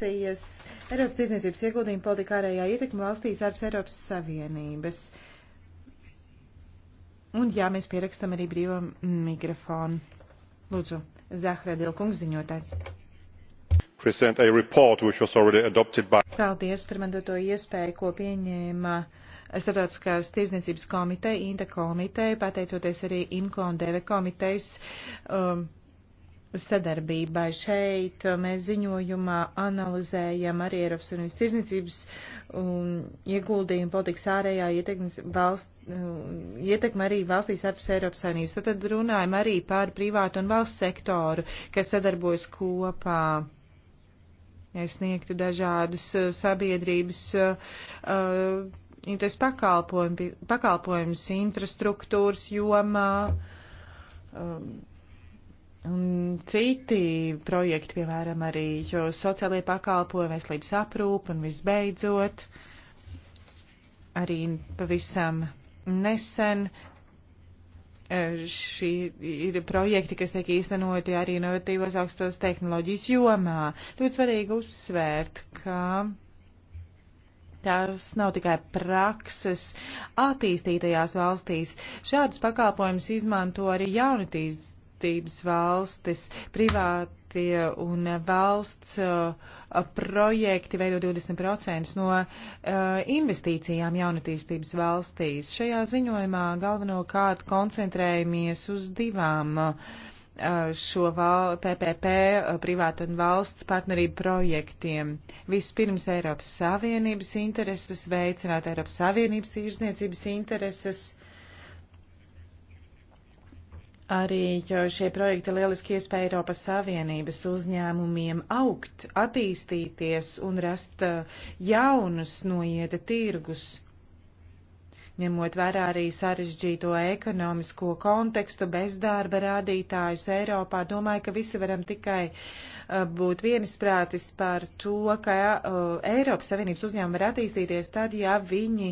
investīcijas, Eiropas tirzniecības ieguldījuma politika ārējā ietekme valstīs ārpus Eiropas Savienības. Un jā, mēs pierakstam arī brīvo mikrofonu. Lūdzu, Zahra Dilkungs ziņotājs. By... Paldies par man doto iespēju, ko pieņēma Startautiskās tirzniecības komiteja, Inta komiteja, pateicoties arī IMCO un DV komitejas. Um, sadarbībai. Šeit uh, mēs ziņojumā analizējam arī Eiropas Savienības tirzniecības un um, ieguldījumu politikas ārējā valst, uh, ietekme arī valstīs ārpus Eiropas Savienības. Tad, tad runājam arī par privātu un valsts sektoru, kas sadarbojas kopā. Es sniegtu dažādus uh, sabiedrības uh, pakalpojumus, infrastruktūras jomā. Um, Un citi projekti, piemēram, arī sociālajie pakalpojumi, veselības aprūpe un visbeidzot arī pavisam nesen e, šī ir projekti, kas tiek īstenoti arī inovatīvos augstos tehnoloģijas jomā. Ļoti svarīgi uzsvērt, ka Tās nav tikai prakses attīstītajās valstīs. Šādus pakalpojumus izmanto arī jaunatīst, attīstības valstis, privātie un valsts uh, projekti veido 20% no uh, investīcijām jaunatīstības valstīs. Šajā ziņojumā galvenokārt koncentrējamies uz divām uh, šo val, PPP privātu un valsts partnerību projektiem. Vispirms Eiropas Savienības intereses, veicināt Eiropas Savienības tirzniecības intereses Arī šie projekti lieliski iespēja Eiropas Savienības uzņēmumiem augt, attīstīties un rast eh, jaunus noieta tirgus. Ņemot vērā arī sarežģīto ekonomisko kontekstu, bezdarba rādītājus Eiropā, domāju, ka visi varam tikai eh, būt vienisprātis par to, ka eh, Eiropas Savienības uzņēmumi var attīstīties tad, ja viņi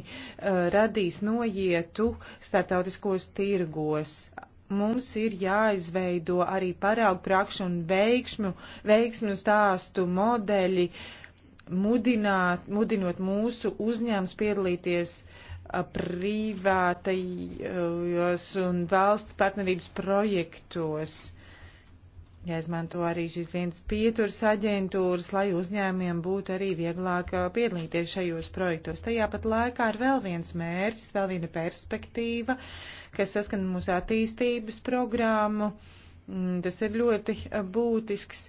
radīs noietu starptautiskos tirgos, mums ir jāizveido arī paraugu prakšu un veiksmu, veiksmu stāstu modeļi, mudināt, mudinot mūsu uzņēmums piedalīties privātajos un valsts partnerības projektos Jāizmanto arī šīs vienas pieturas aģentūras, lai uzņēmiem būtu arī vieglāk piedalīties šajos projektos. Tajā pat laikā ir vēl viens mērķis, vēl viena perspektīva, kas saskana mūsu attīstības programmu. Mm, tas ir ļoti būtisks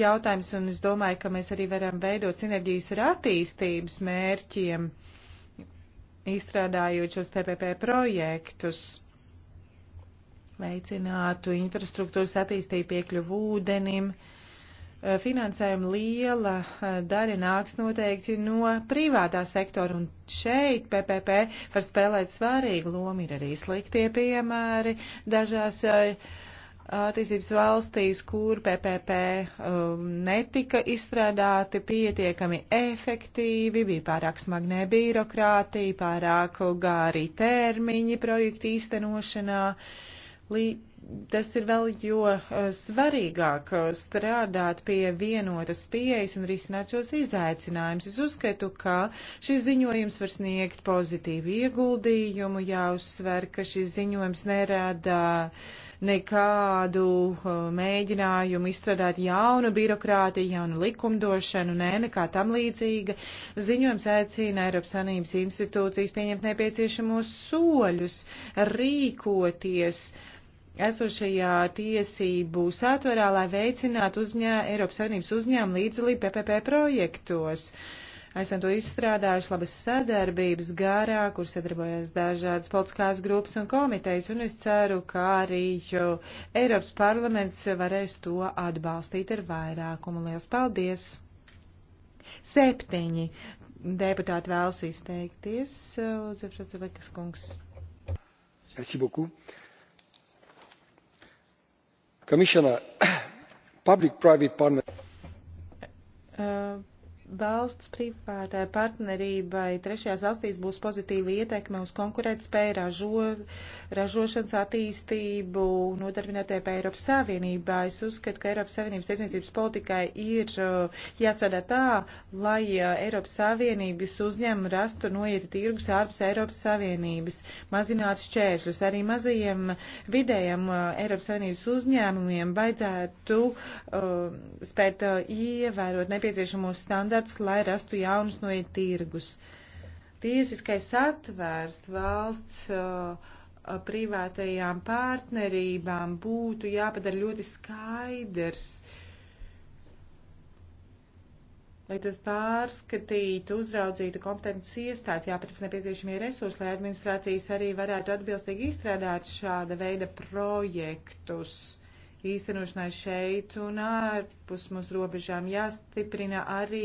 jautājums, un es domāju, ka mēs arī varam veidot sinerģijas ar attīstības mērķiem, izstrādājot šos PPP projektus veicinātu infrastruktūras attīstību piekļuvu ūdenim. Finansējuma liela daļa nāks noteikti no privātā sektora, un šeit PPP var spēlēt svarīgu lomu. Ir arī sliktie piemēri dažās attīstības valstīs, kur PPP um, netika izstrādāti pietiekami efektīvi, bija pārāk smagnē birokrātija, pārāk gāri termiņi projektu īstenošanā. Uh, Tas ir vēl jo eh, svarīgāk eh, strādāt pie vienotas pieejas un risināt šos izaicinājumus. Es uzskatu, ka šis ziņojums var sniegt pozitīvu ieguldījumu, jāuzsver, ka šis ziņojums nerāda nekādu eh, mēģinājumu izstrādāt jaunu birokrātiju, jaunu likumdošanu, nē, nekā tam līdzīga. Ziņojums aicina Eiropas Sanības institūcijas pieņemt nepieciešamos soļus, rīkoties, uh, esošajā tiesību satverā, lai veicinātu uzņē, Eiropas Savienības uzņēmumu līdzdalību PPP projektos. Esam to izstrādājuši labas sadarbības garā, kur sadarbojas dažādas politiskās grupas un komitejas, un es ceru, ka arī Eiropas parlaments varēs to atbalstīt ar vairākumu. Lielas paldies! Septiņi deputāti vēlas izteikties. Lūdzu, Frats Lekas kungs. Merci beaucoup commissioner public private partnerships valsts privātai partnerībai trešajās valstīs būs pozitīva ietekme uz konkurētspēju, ražo, ražošanas attīstību, nodarbinātību Eiropas Savienībā. Es uzskatu, ka Eiropas Savienības tirdzniecības politikai ir uh, jāstrādā tā, lai uh, Eiropas Savienības uzņēmumu rastu noietu tirgus ārpus Eiropas Savienības, mazinātu šķēršļus. Arī mazajiem vidējiem uh, Eiropas Savienības uzņēmumiem vajadzētu uh, spēt uh, ievērot nepieciešamos standartus standarts, lai rastu jaunus noiet tirgus. Tiesiskais atvērst valsts uh, uh, privātajām partnerībām būtu jāpadara ļoti skaidrs, lai tas pārskatītu, uzraudzītu kompetences iestādes, jāpēc nepieciešamie resursi, lai administrācijas arī varētu atbilstīgi izstrādāt šāda veida projektus īstenošanai šeit un ārpus mūsu robežām. Jāstiprina arī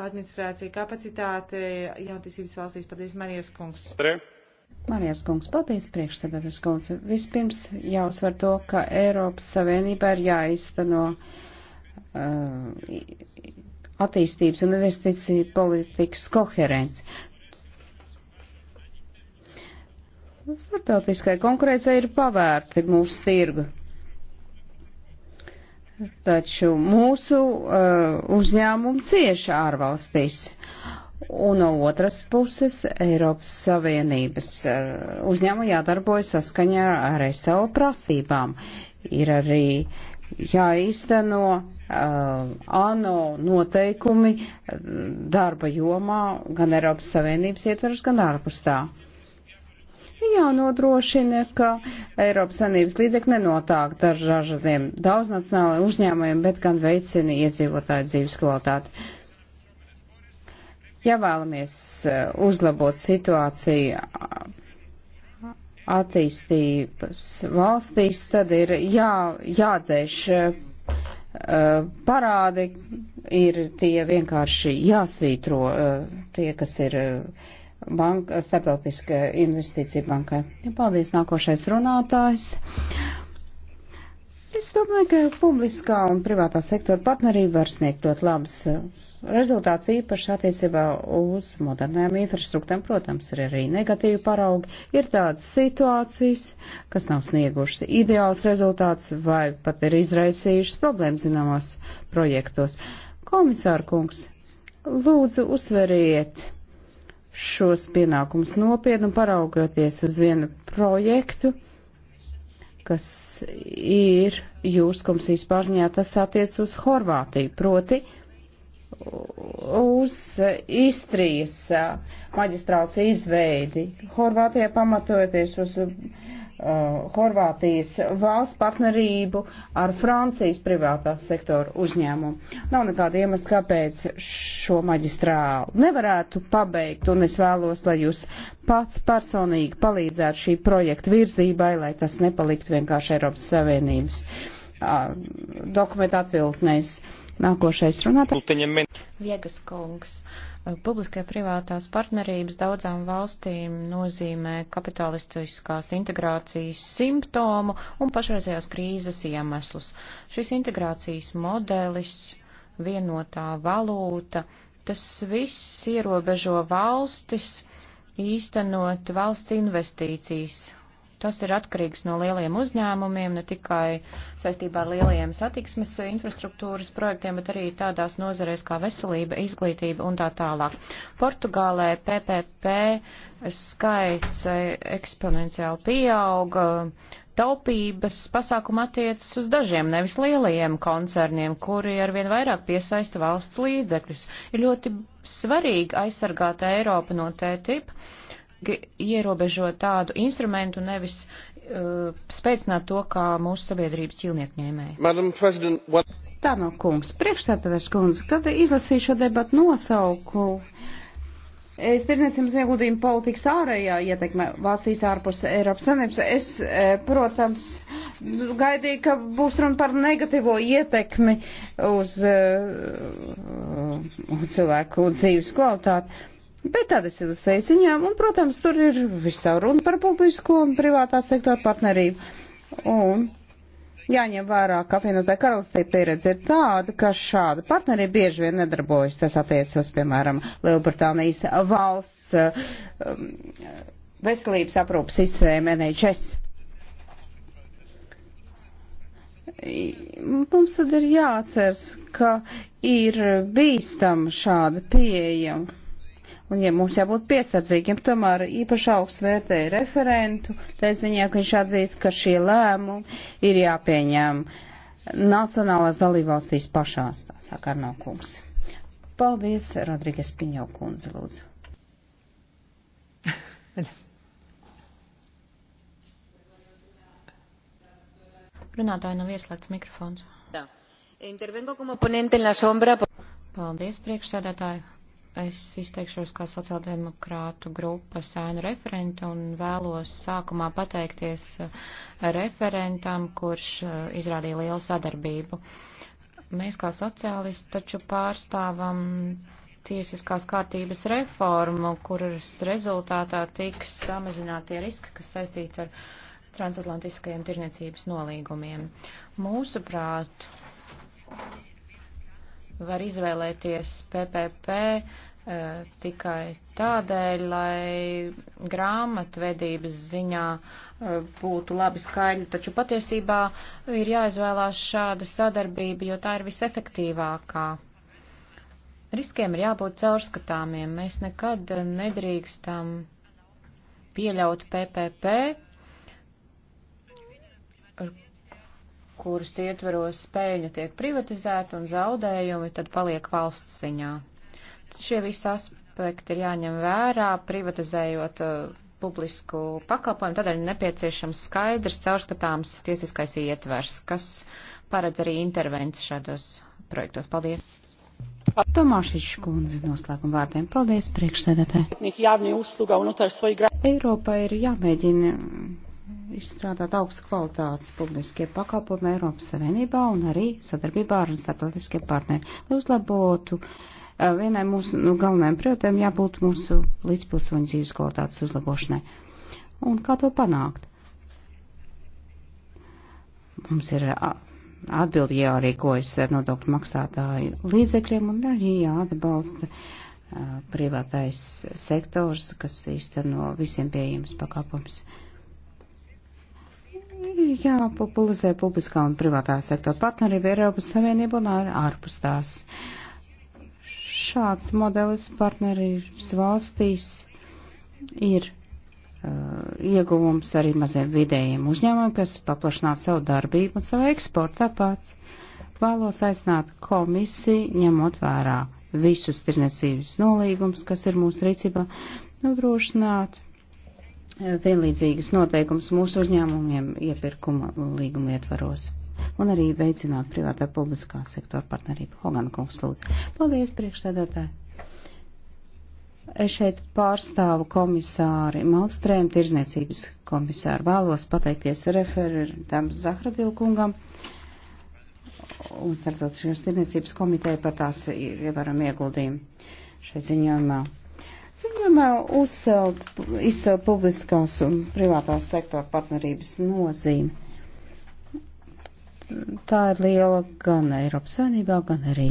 administrācija kapacitāte jauntiesības valstīs. Paldies, Marijas kungs. Pre. Marijas kungs, paldies priekšsēdētājs kungs. Vispirms jāuzsver to, ka Eiropas Savienībā ir jāizteno uh, attīstības un investīciju politikas koherence. Startautiskai konkurencei ir pavērti mūsu tirgu. Taču mūsu uh, uzņēmumi cieši ārvalstīs. Un no otras puses Eiropas Savienības uh, uzņēmumi jādarbojas saskaņā ar savu prasībām. Ir arī jāīsteno uh, ANO noteikumi uh, darba jomā gan Eiropas Savienības ietvaros, gan ārpus tā. Uh, jānodrošina, ka Eiropas Sanības līdzekļi nenotāk dažādiem daudznacionālajiem uzņēmumiem, bet gan veicina iedzīvotāju dzīves kvalitāti. Ja vēlamies eh, uzlabot situāciju attīstības valstīs, tad ir jā, jādzēš eh, eh, parādi, ir tie vienkārši jāsvītro, tie, kas ir banka, starptautiska investīcija bankai. Ja, paldies, nākošais runātājs. Es domāju, ka publiskā un privātā sektora partnerība var sniegt ļoti labas eh, rezultāts īpaši attiecībā uz modernām infrastruktūram, protams, ir arī negatīvi paraugi. Ir tādas situācijas, kas nav sniegušas ideāls rezultāts vai pat ir izraisījušas problēmas zināmos projektos. Komisāra kungs, lūdzu uzveriet šos pienākumus nopietni un paraugoties uz vienu projektu, kas ir jūras komisijas pārziņā, tas attiec uz Horvātiju, proti uz Istrijas maģistrāls izveidi. Horvātijā pamatojoties uz uh, Horvātijas valsts partnerību ar Francijas privātās sektoru uzņēmumu. Nav nekāda iemesla, kāpēc š šo maģistrālu nevarētu pabeigt, un es vēlos, lai jūs pats personīgi palīdzētu šī projekta virzībai, lai tas nepalikt vienkārši Eiropas Savienības dokumentu atviltnēs. Nākošais runātājs. Viegas kungs. Publiskajā privātās partnerības daudzām valstīm nozīmē kapitalistiskās integrācijas simptomu un pašreizējās krīzes iemeslus. Šis integrācijas modelis vienotā valūta. Tas viss ierobežo valstis īstenot valsts investīcijas Tas ir atkarīgs no lieliem uzņēmumiem, ne tikai saistībā ar lielajiem satiksmes infrastruktūras projektiem, bet arī tādās nozarēs kā veselība, izglītība un tā tālāk. Portugālē PPP skaits e, eksponenciāli pieauga. Taupības pasākuma attiecas uz dažiem, nevis lielajiem koncerniem, kuri arvien vairāk piesaista valsts līdzekļus. Ir ļoti svarīgi aizsargāt Eiropu no TTIP. Te ierobežot tādu instrumentu, nevis uh, spēcināt to, kā mūsu sabiedrības ķilniekņēmēji. What... Tā nav no kungs. Priekšsēdētājs kungs, kad izlasīšu šo debatu nosauku. Es tirniecības ieguldījumu politikas ārējā ietekme valstīs ārpus Eiropas Savienības. Es, e, protams, gaidīju, ka būs runa par negatīvo ietekmi uz uh, cilvēku dzīves kvalitāti. Bet tādas ir sejas ziņām, un, protams, tur ir visā runa par publisko un privātā sektora partnerību. Un jāņem vērā, ka apvienotā karalistē pieredze ir tāda, ka šāda partnerība bieži vien nedarbojas. Tas attiecas, piemēram, Lielbritānijas valsts um, veselības aprūpas sistēma NHS. Mums tad ir jāatceras, ka ir bīstam šāda pieejama Un ja mums jābūt piesardzīgiem, tomēr īpaši augstu vērtēja referentu, tā ziņā, ka viņš atzīst, ka šie lēmumi ir jāpieņem nacionālās dalībvalstīs pašās, tā saka Arnokums. Paldies, Rodrīgas Piņo kundze, lūdzu. Runātāji nav ieslēgts mikrofons. Intervengo como ponente en la sombra. Paldies, priekšsēdētāji Es izteikšos kā sociāldemokrātu grupas sēnu referenta un vēlos sākumā pateikties eh, referentam, kurš eh, izrādīja lielu sadarbību. Mēs kā sociālisti taču pārstāvam tiesiskās kārtības reformu, kuras rezultātā tiks samazinātie riski, kas saistīti ar transatlantiskajiem tirniecības nolīgumiem. Mūsuprāt, var izvēlēties PPP eh, tikai tādēļ, lai grāmatvedības ziņā eh, būtu labi skaidri, taču patiesībā ir jāizvēlās šāda sadarbība, jo tā ir visefektīvākā. Riskiem ir jābūt caurskatāmiem. Mēs nekad nedrīkstam pieļaut PPP, kuras ietveros spēļņu tiek privatizēta un zaudējumi tad paliek valsts ziņā. Šie visi aspekti ir jāņem vērā, privatizējot uh, publisku pakalpojumu, tādēļ nepieciešams skaidrs, caurskatāms tiesiskais ietvers, kas paredz arī intervences šādos projektos. Paldies! Tomašiņš kundze noslēguma vārdiem. Paldies, priekšsēdētāji. Eiropa ir jāmēģina izstrādāt augstu kvalitātes publiskie pakalpojumi Eiropas Savienībā un arī sadarbībā ar starptautiskiem partneriem, lai uzlabotu eh, vienai mūsu nu, galvenajām prioritēm jābūt mūsu līdzpilsoņu dzīves kvalitātes uzlabošanai. Un kā to panākt? Mums ir atbildi jārīkojas ar nodokļu maksātāju līdzekļiem un arī jāatbalsta privātais sektors, kas īsteno visiem pieejams pakāpums. Uh, jāpopulizē publiskā un privātā sektora partnerība Eiropas Savienība un ārpus tās. Šāds modelis partnerības valstīs ir uh, ieguvums arī maziem vidējiem uzņēmumiem, kas paplašinātu savu darbību un savu eksportu. Tāpēc vēlos aicināt komisiju, ņemot vērā visus tirnesības nolīgumus, kas ir mūsu rīcībā, nodrošināt vienlīdzīgas noteikums mūsu uzņēmumiem iepirkuma līguma ietvaros un arī veicināt privātā publiskā sektora partnerību. Hogan kungs lūdzu. Paldies, priekšsēdētāji. Es šeit pārstāvu komisāri Malstrēm, tirzniecības komisāru. Vēlos pateikties referentam Zahradilkungam un starptautiskās tirzniecības komiteja par tās ievaram ieguldījumu šeit ziņojumā. Ziņojumā uzcelt, izcelt publiskās un privātās sektora partnerības nozīmi. Tā ir liela gan Eiropas Savienībā, gan arī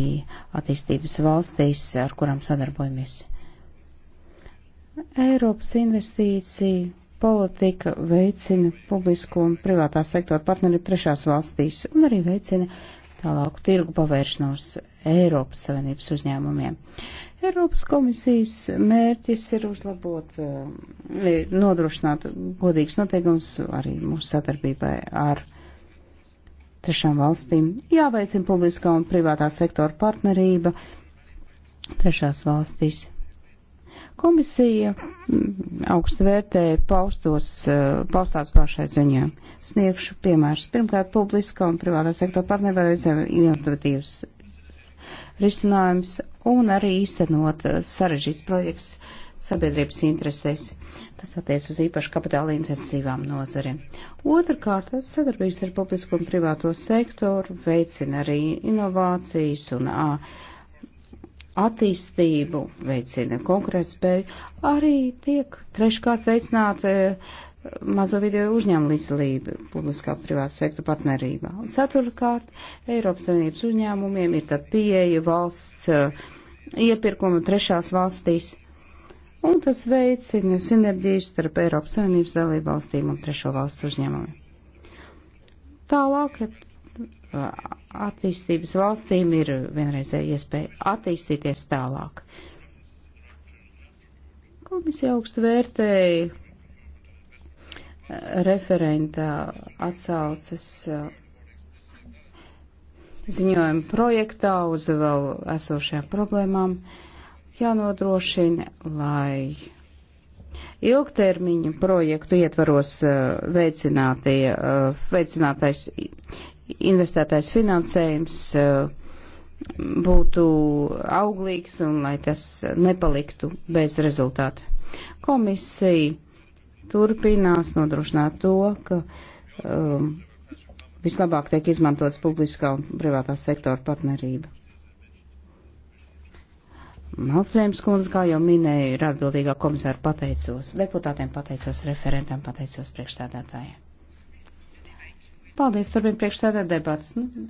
attīstības valstīs, ar kurām sadarbojamies. Eiropas investīcija politika veicina publisko un privātā sektora partnerību trešās valstīs un arī veicina tālāku tirgu pavēršanos Eiropas Savienības uzņēmumiem. Eiropas komisijas mērķis ir uzlabot, eh, nodrošināt godīgs noteikums arī mūsu sadarbībai ar trešām valstīm. Jāveicina publiskā un privātā sektora partnerība trešās valstīs. Komisija mm, augstu vērtē paustos, eh, paustās pašai ziņā. Sniegšu piemērus. Pirmkārt, publiskā un privātā sektora partnervarēdzēja inovatīvas risinājums un arī īstenot eh, sarežģīts projekts sabiedrības interesēs. Tas attiec uz īpaši kapitāla intensīvām nozarēm. Otrakārt, sadarbības ar publisko un privāto sektoru veicina arī inovācijas un ā, attīstību, veicina konkurētspēju, arī tiek treškārt veicināta eh, mazo video uzņēmumu līdzdalība publiskā privāta sektora partnerībā. Un ceturtkārt, Eiropas Savienības uzņēmumiem ir tad pieeja valsts eh, iepirkuma trešās valstīs, un tas veicina sinerģijas starp Eiropas Savienības dalību valstīm un trešo valstu uzņēmumiem. Tālāk attīstības valstīm ir vienreizēja iespēja attīstīties tālāk. Komisija augstu vērtēja eh, referenta atsaucas eh, ziņojuma projektā uz vēl esošajām problēmām jānodrošina, lai ilgtermiņu projektu ietvaros eh, veicinātais investētais finansējums eh, būtu auglīgs un lai tas nepaliktu bez rezultāta. Komisija turpinās nodrošināt to, ka um, vislabāk tiek izmantots publiskā un privātā sektora partnerība. Malstrēms kundze, kā jau minēja, ir atbildīgā komisāra pateicos, deputātiem pateicos, referentam pateicos, priekšstādātājiem. Paldies, turpin priekšsēdē debats. Nu,